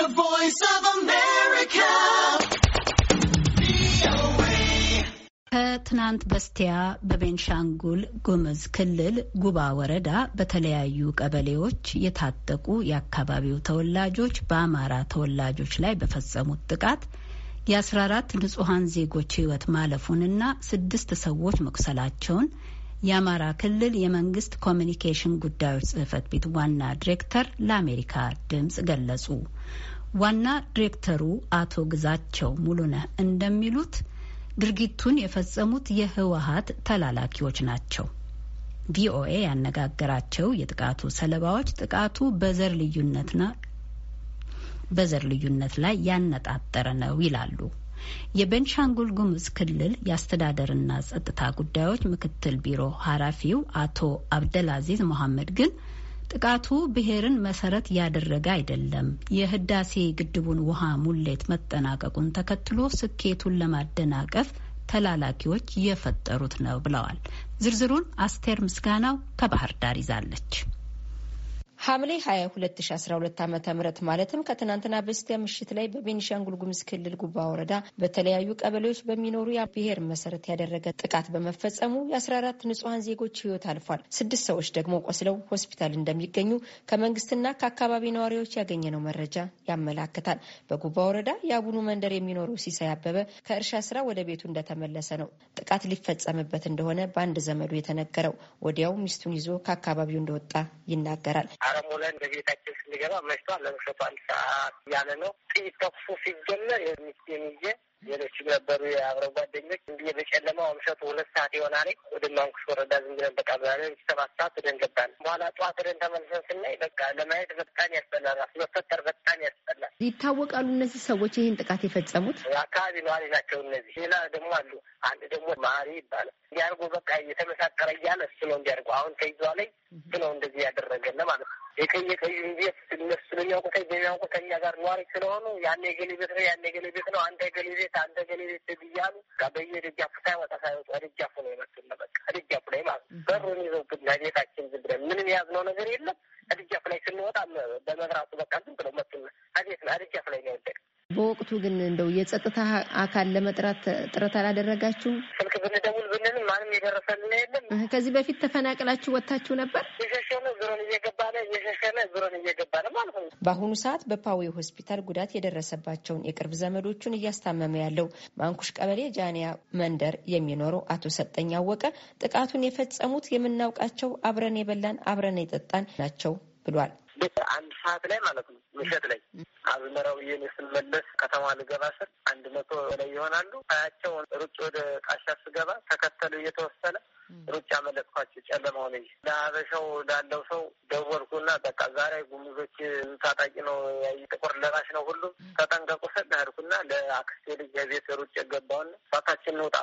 The Voice of America. ከትናንት በስቲያ በቤንሻንጉል ጉምዝ ክልል ጉባ ወረዳ በተለያዩ ቀበሌዎች የታጠቁ የአካባቢው ተወላጆች በአማራ ተወላጆች ላይ በፈጸሙት ጥቃት የ14 ንጹሐን ዜጎች ሕይወት ማለፉንና ስድስት ሰዎች መቁሰላቸውን የአማራ ክልል የመንግስት ኮሚኒኬሽን ጉዳዮች ጽህፈት ቤት ዋና ዲሬክተር ለአሜሪካ ድምፅ ገለጹ። ዋና ዲሬክተሩ አቶ ግዛቸው ሙሉነህ እንደሚሉት ድርጊቱን የፈጸሙት የህወሀት ተላላኪዎች ናቸው። ቪኦኤ ያነጋገራቸው የጥቃቱ ሰለባዎች ጥቃቱ በዘር ልዩነትና በዘር ልዩነት ላይ ያነጣጠረ ነው ይላሉ። የቤንሻንጉል ጉሙዝ ክልል የአስተዳደርና ጸጥታ ጉዳዮች ምክትል ቢሮ ኃላፊው አቶ አብደልአዚዝ መሐመድ ግን ጥቃቱ ብሔርን መሰረት ያደረገ አይደለም፣ የህዳሴ ግድቡን ውሃ ሙሌት መጠናቀቁን ተከትሎ ስኬቱን ለማደናቀፍ ተላላኪዎች የፈጠሩት ነው ብለዋል። ዝርዝሩን አስቴር ምስጋናው ከባህር ዳር ይዛለች። ሐምሌ 22 2012 ዓ ም ማለትም ከትናንትና በስቲያ ምሽት ላይ በቤኒሻንጉል ጉሙዝ ክልል ጉባ ወረዳ በተለያዩ ቀበሌዎች በሚኖሩ የብሔር መሰረት ያደረገ ጥቃት በመፈጸሙ የ14 ንጹሐን ዜጎች ህይወት አልፏል። ስድስት ሰዎች ደግሞ ቆስለው ሆስፒታል እንደሚገኙ ከመንግስትና ከአካባቢ ነዋሪዎች ያገኘነው መረጃ ያመላክታል። በጉባ ወረዳ የአቡኑ መንደር የሚኖረው ሲሳይ አበበ ከእርሻ ስራ ወደ ቤቱ እንደተመለሰ ነው ጥቃት ሊፈጸምበት እንደሆነ በአንድ ዘመዱ የተነገረው። ወዲያው ሚስቱን ይዞ ከአካባቢው እንደወጣ ይናገራል። መስከረም ላይ እንደ ቤታችን ስንገባ መሽቷል። ለምሽቱ አንድ ሰዓት እያለ ነው ጥይት ተኩሱ ሲጀመር የሚስቴን ይዤ ሌሎችም ነበሩ የአብረው ጓደኞች እንዲህ በጨለማው አምሸቱ ሁለት ሰዓት ይሆናል። ወደ ማንኩስ ወረዳ ዝም ብለን በቃ ብላለን ሰባት ሰዓት ወደን ገባን። በኋላ ጠዋት ወደን ተመልሰን ስናይ በቃ ለማየት በጣም ያስጠላል። መፈጠር በጣም ያስጠላል። ይታወቃሉ እነዚህ ሰዎች ይህን ጥቃት የፈጸሙት አካባቢ ነዋሪ ናቸው። እነዚህ ሌላ ደግሞ አሉ። አንድ ደግሞ ማሪ ይባላል ያርጎ በቃ እየተመሳጠረ እያለ እሱ ነው እንዲያርጎ አሁን ከይዟ ላይ እሱ ነው እንደዚህ ያደረገን ማለት ነው። የቀየ ቀዩ ቤት እነሱ በሚያውቁት በሚያውቁት እኛ ጋር ነዋሪ ስለሆኑ ያን የገሌ ቤት ነው ያን የገሌ ቤት ነው አንተ የገሌ ቤት አንተ የገሌ ቤት ብያሉ ደጃፉ ሳይወጣ ሳይወጡ ደጃፉ ነው ይመስል በቃ ደጃፉ ላይ ማለት ነው። በሩን ይዘውብና ቤታችን ዝም ብለን ምንም የያዝነው ነገር የለም። አድጃፍ ላይ ስንወጣ በመብራቱ በቃ ዝም ብለው መጡ አቤት ነው አድጃፍ ላይ ነው ያደግ። በወቅቱ ግን እንደው የጸጥታ አካል ለመጥራት ጥረት አላደረጋችሁም? የደረሰልን የለም። ከዚህ በፊት ተፈናቅላችሁ ወጥታችሁ ነበር? የሸሸነ ዙሮን እየገባ ነው፣ የሸሸነ ዙሮን እየገባ ነው ማለት ነው። በአሁኑ ሰዓት በፓዌ ሆስፒታል ጉዳት የደረሰባቸውን የቅርብ ዘመዶቹን እያስታመመ ያለው ማንኩሽ ቀበሌ ጃንያ መንደር የሚኖረው አቶ ሰጠኝ አወቀ ጥቃቱን የፈጸሙት የምናውቃቸው አብረን የበላን አብረን የጠጣን ናቸው ብሏል። ሰዓት ላይ ማለት ነው ምሸት ላይ አዝመራው ይህን ስመለስ ከተማ ልገባ ስል አንድ መቶ ላይ ይሆናሉ። ታያቸውን ሩጭ ወደ ቃሻ ስገባ ተከተሉ እየተወሰነ ሩጭ ያመለጥኳቸው ጨለማ ሆነ። ለሀበሻው ላለው ሰው ደወልኩና በቃ ዛሬ ጉሙዞች ታጣቂ ነው ጥቁር ለባሽ ነው ሁሉም ተጠንቀቁ ስል ሄድኩና ለአክስቴ ልጅ የቤት ሩጭ ገባውና እሳታችን ንውጣ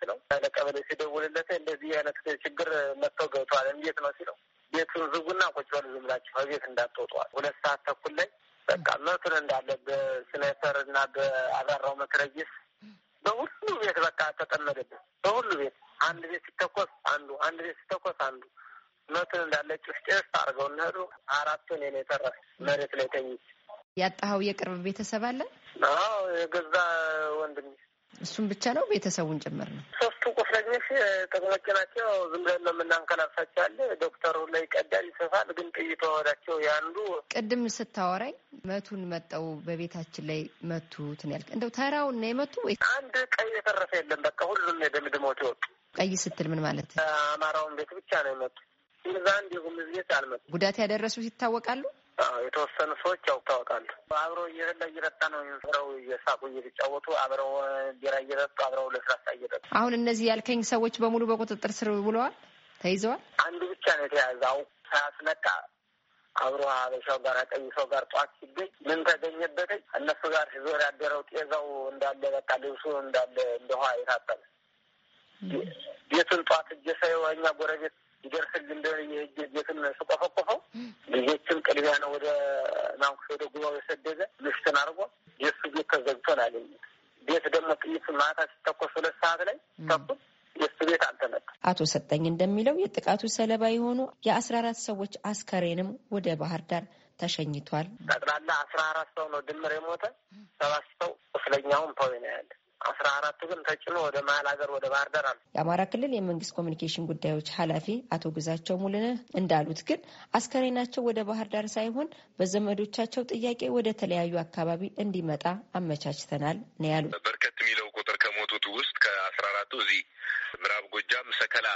ስለው ለቀበሌ ሲደውልለት እንደዚህ አይነት ችግር መጥተው ገብተዋል እንዴት ነው ሲለው ቤቱን ዝጉና ቁጭ በሉ ዝም ብላችሁ ከቤት እንዳትወጧል። ሁለት ሰዓት ተኩል ላይ በቃ መቱን እንዳለ በስናይፐር እና በአበራው መትረየስ በሁሉ ቤት በቃ ተጠመደብን። በሁሉ ቤት አንድ ቤት ሲተኮስ አንዱ፣ አንድ ቤት ሲተኮስ አንዱ መቱን እንዳለ ጭስ ጭስ አድርገው እንሄዱ። አራቱን የኔ የተረፍ መሬት ላይ ተኝች። ያጣኸው የቅርብ ቤተሰብ አለ? አዎ የገዛ ወንድም እሱም ብቻ ነው ቤተሰቡን ጭምር ነው። ትንሽ ጥቅሞች ናቸው። ዝም ብለን ነው የምናንከላፍሳቸዋል። ዶክተሩ ላይ ይቀዳል፣ ይሰፋል። ግን ጥይቶ ወዳቸው ያንዱ ቅድም ስታወራኝ መቱን መጠው በቤታችን ላይ መቱትን ያልክ እንደው ተራውን ነው የመቱ ወይ አንድ ቀይ የተረፈ የለም። በቃ ሁሉም የደምድሞት ወጡ። ቀይ ስትል ምን ማለት አማራውን ቤት ብቻ ነው የመጡ። እዛ እንዲሁም ዝት አልመጡ። ጉዳት ያደረሱት ይታወቃሉ። የተወሰኑ ሰዎች ያው ይታወቃሉ። አብረው እየበላ እየጠጣ ነው አብረው እየሳቁ እየተጫወቱ አብረው ቢራ እየጠጡ አብረው ለስላሳ እየጠጡ አሁን እነዚህ ያልከኝ ሰዎች በሙሉ በቁጥጥር ስር ውለዋል፣ ተይዘዋል። አንዱ ብቻ ነው የተያዘ። አሁን ሳያስነቃ አብሮ ሀበሻው ጋር ቀይ ሰው ጋር ጠዋት ሲገኝ ምን ተገኘበት እነሱ ጋር ሲዞር ያደረው ጤዛው እንዳለ በቃ ልብሱ እንዳለ ውሃ የታጠበ ቤቱን ጠዋት እጀሰ የኛ ጎረቤት ይደርስል እንደ የእጅ ቤትን ስቆፈቆፈው ልጆችን ቅድሚያ ነው ወደ ናንኩስ ወደ ጉባው የሰደደ ምሽትን አድርጎ የእሱ ቤት ተዘግቶን አገኘ። ቤት ደግሞ ጥይት ማታ ሲተኮስ ሁለት ሰዓት ላይ ተኩስ የእሱ ቤት አልተመጣ። አቶ ሰጠኝ እንደሚለው የጥቃቱ ሰለባ የሆኑ የአስራ አራት ሰዎች አስከሬንም ወደ ባህር ዳር ተሸኝቷል። ጠቅላላ አስራ አራት ሰው ነው ድምር የሞተ ሰባት ሰው ቁስለኛውም ፐው ነው ያለ አስራ አራት ግን ተጭኖ ወደ መሀል ሀገር ወደ ባህር ዳር አሉ። የአማራ ክልል የመንግስት ኮሚኒኬሽን ጉዳዮች ኃላፊ አቶ ግዛቸው ሙልነህ እንዳሉት ግን አስከሬናቸው ወደ ባህር ዳር ሳይሆን በዘመዶቻቸው ጥያቄ ወደ ተለያዩ አካባቢ እንዲመጣ አመቻችተናል ነው ያሉት። በርከት የሚለው ቁጥር ከሞቱት ውስጥ ከአስራ አራቱ እዚህ ምዕራብ ጎጃም ሰከላ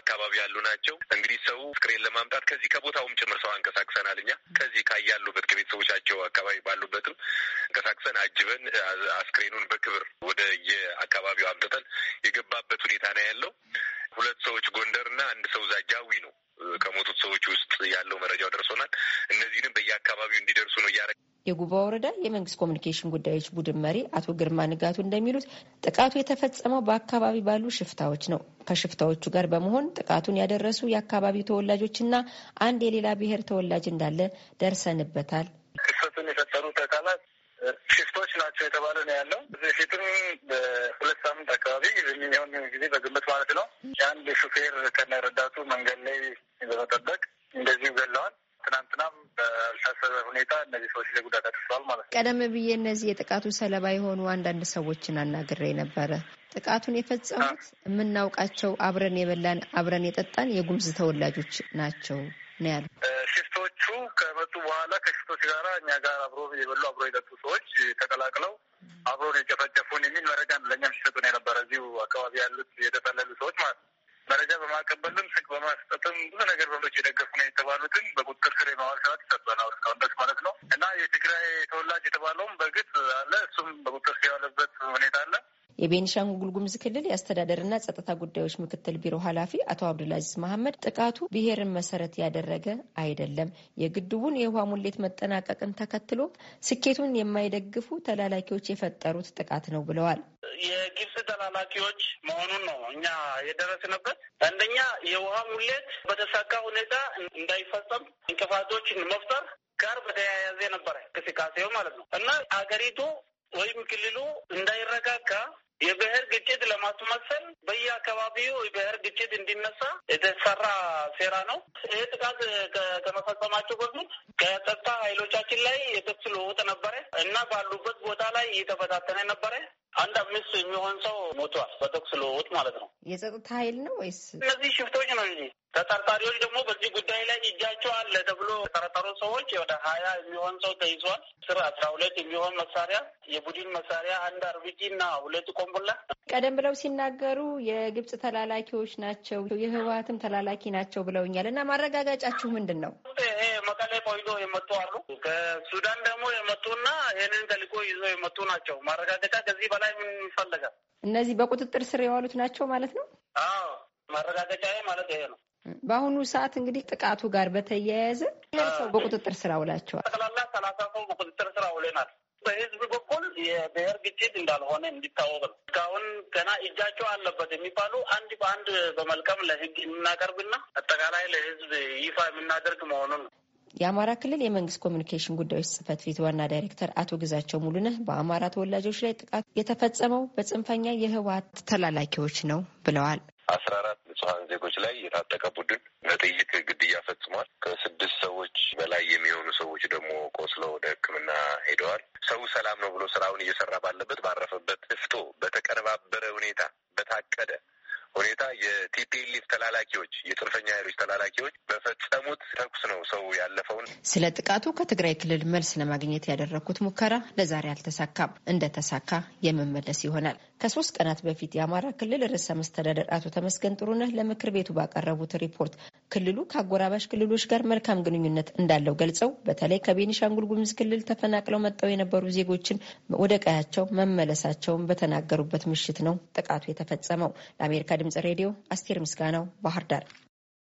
አካባቢ ያሉ ናቸው። እንግዲህ ሰው አስክሬን ለማምጣት ከዚህ ከቦታውም ጭምር ሰው አንቀሳቅሰናል። እኛ ከዚህ ካያሉበት ከቤተሰቦቻቸው አካባቢ ባሉበትም አንቀሳቅሰን አጅበን አስክሬኑን በክብር ወደ የአካባቢው አምጥተን የገባበት ሁኔታ ነው ያለው። ሁለት ሰዎች ጎንደርና አንድ ሰው ዛጃዊ ነው ከሞቱት ሰዎች ውስጥ ያለው መረጃው ደርሶናል። እነዚህንም በየአካባቢው እንዲደርሱ ነው እያደረግን የጉባ ወረዳ የመንግስት ኮሚኒኬሽን ጉዳዮች ቡድን መሪ አቶ ግርማ ንጋቱ እንደሚሉት ጥቃቱ የተፈጸመው በአካባቢ ባሉ ሽፍታዎች ነው። ከሽፍታዎቹ ጋር በመሆን ጥቃቱን ያደረሱ የአካባቢው ተወላጆችና አንድ የሌላ ብሔር ተወላጅ እንዳለ ደርሰንበታል። ክስተቱን የፈጠሩት አካላት ሽፍቶች ናቸው የተባለ ነው ያለው። በፊትም በሁለት ሳምንት አካባቢ የሚሆን ጊዜ በግምት ማለት ነው የአንድ ሹፌር ከነረዳቱ መንገድ ላይ በመጠበቅ እንደዚሁ ገለዋል። ትናንትናም ባልታሰበ ሁኔታ እነዚህ ሰዎች ላይ ጉዳት አድርሰዋል ማለት ነው። ቀደም ብዬ እነዚህ የጥቃቱ ሰለባ የሆኑ አንዳንድ ሰዎችን አናግሬ ነበረ። ጥቃቱን የፈጸሙት የምናውቃቸው አብረን የበላን አብረን የጠጣን የጉምዝ ተወላጆች ናቸው ነው ያሉ። ሽፍቶቹ ከመጡ በኋላ ከሽፍቶች ጋራ እኛ ጋር አብሮ የበሉ አብሮ የጠጡ ሰዎች ተቀላቅለው አብሮ የጨፈጨፉን የሚል መረጃ ለእኛም ሲሰጡን የነበረ እዚሁ አካባቢ ያሉት የተጠለሉ ሰዎች ማለት ነው። መረጃ በማቀበልም ስልክ በማስጠትም ብዙ ነገር በሎች የደገፉ ነው የተባሉትን በቁጥጥር ስር የማዋል ስራት ይሰጠናል እስካሁን ድረስ ማለት ነው እና የትግራይ ተወላጅ የተባለውም በእርግጥ አለ እሱም በቁጥጥር ስር የዋለበት ሁኔታ አለ። የቤኒሻንጉል ጉሙዝ ክልል የአስተዳደርና ጸጥታ ጉዳዮች ምክትል ቢሮ ኃላፊ አቶ አብዱልአዚዝ መሐመድ ጥቃቱ ብሔርን መሰረት ያደረገ አይደለም፣ የግድቡን የውሃ ሙሌት መጠናቀቅን ተከትሎ ስኬቱን የማይደግፉ ተላላኪዎች የፈጠሩት ጥቃት ነው ብለዋል። የግብጽ ተላላኪዎች መሆኑን ነው እኛ የደረስንበት። አንደኛ የውሃ ሙሌት በተሳካ ሁኔታ እንዳይፈጸም እንቅፋቶችን መፍጠር ጋር በተያያዘ ነበረ እንቅስቃሴው ማለት ነው እና አገሪቱ ወይም ክልሉ እንዳይረጋጋ የብሔር ግጭት ለማስመሰል በየአካባቢው የብሔር ግጭት እንዲነሳ የተሰራ ሴራ ነው። ይህ ጥቃት ከመፈጸማቸው በፊት ከጸጥታ ኃይሎቻችን ላይ የተኩስ ልውውጥ ነበረ እና ባሉበት ቦታ ላይ እየተበታተነ ነበረ። አንድ አምስት የሚሆን ሰው ሞቷል። በተኩስ ልውውጥ ማለት ነው። የጸጥታ ኃይል ነው ወይስ እነዚህ ሽፍቶች ነው እ ተጠርጣሪዎች ደግሞ በዚህ ጉዳይ ላይ እጃቸው አለ ተብሎ የተጠረጠሩ ሰዎች ወደ ሀያ የሚሆን ሰው ተይዟል። ስር አስራ ሁለት የሚሆን መሳሪያ የቡድን መሳሪያ አንድ አርቢጂ እና ሁለት ቆምቡላ። ቀደም ብለው ሲናገሩ የግብጽ ተላላኪዎች ናቸው የህወሀትም ተላላኪ ናቸው ብለውኛል እና ማረጋጋጫችሁ ምንድን ነው? መቀሌ ቆይቶ የመጡ አሉ። ከሱዳን ደግሞ የመጡና ይህንን ተልእኮ ይዞ የመጡ ናቸው። ማረጋገጫ ከዚህ በላይ ምን ይፈለጋል? እነዚህ በቁጥጥር ስር የዋሉት ናቸው ማለት ነው። አዎ ማረጋገጫ ማለት ይሄ ነው። በአሁኑ ሰዓት እንግዲህ ጥቃቱ ጋር በተያያዘ ይህን ሰው በቁጥጥር ስር አውላቸዋል። ጠቅላላ ሰላሳ ሰው በቁጥጥር ስር አውለናል። በህዝብ በኩል የብሔር ግጭት እንዳልሆነ እንዲታወቅ ነው። እስካሁን ገና እጃቸው አለበት የሚባሉ አንድ በአንድ በመልቀም ለህግ የምናቀርብና አጠቃላይ ለህዝብ ይፋ የምናደርግ መሆኑን ነው። የአማራ ክልል የመንግስት ኮሚኒኬሽን ጉዳዮች ጽህፈት ቤት ዋና ዳይሬክተር አቶ ግዛቸው ሙሉነህ በአማራ ተወላጆች ላይ ጥቃት የተፈጸመው በጽንፈኛ የህወሀት ተላላኪዎች ነው ብለዋል። አስራ አራት ንጹሀን ዜጎች ላይ የታጠቀ ቡድን በጥይት ግድያ ፈጽሟል። ከስድስት ሰዎች በላይ የሚሆኑ ሰዎች ደግሞ ቆስለው ወደ ሕክምና ሄደዋል። ሰው ሰላም ነው ብሎ ስራውን እየሰራ ባለበት ባረፈበት እፍቶ በተቀነባበረ ሁኔታ በታቀደ ሁኔታ የቲፒኤልኤፍ ተላላኪዎች የጽንፈኛ ኃይሎች ተላላኪዎች በፈጸሙት ተኩስ ነው ሰው ያለፈውን። ስለ ጥቃቱ ከትግራይ ክልል መልስ ለማግኘት ያደረግኩት ሙከራ ለዛሬ አልተሳካም። እንደተሳካ የመመለስ ይሆናል። ከሶስት ቀናት በፊት የአማራ ክልል ርዕሰ መስተዳደር አቶ ተመስገን ጥሩነህ ለምክር ቤቱ ባቀረቡት ሪፖርት ክልሉ ከአጎራባሽ ክልሎች ጋር መልካም ግንኙነት እንዳለው ገልጸው በተለይ ከቤኒሻንጉል ጉሙዝ ክልል ተፈናቅለው መጥተው የነበሩ ዜጎችን ወደ ቀያቸው መመለሳቸውን በተናገሩበት ምሽት ነው ጥቃቱ የተፈጸመው። ለአሜሪካ ድምጽ ሬዲዮ አስቴር ምስጋናው ባህር ዳር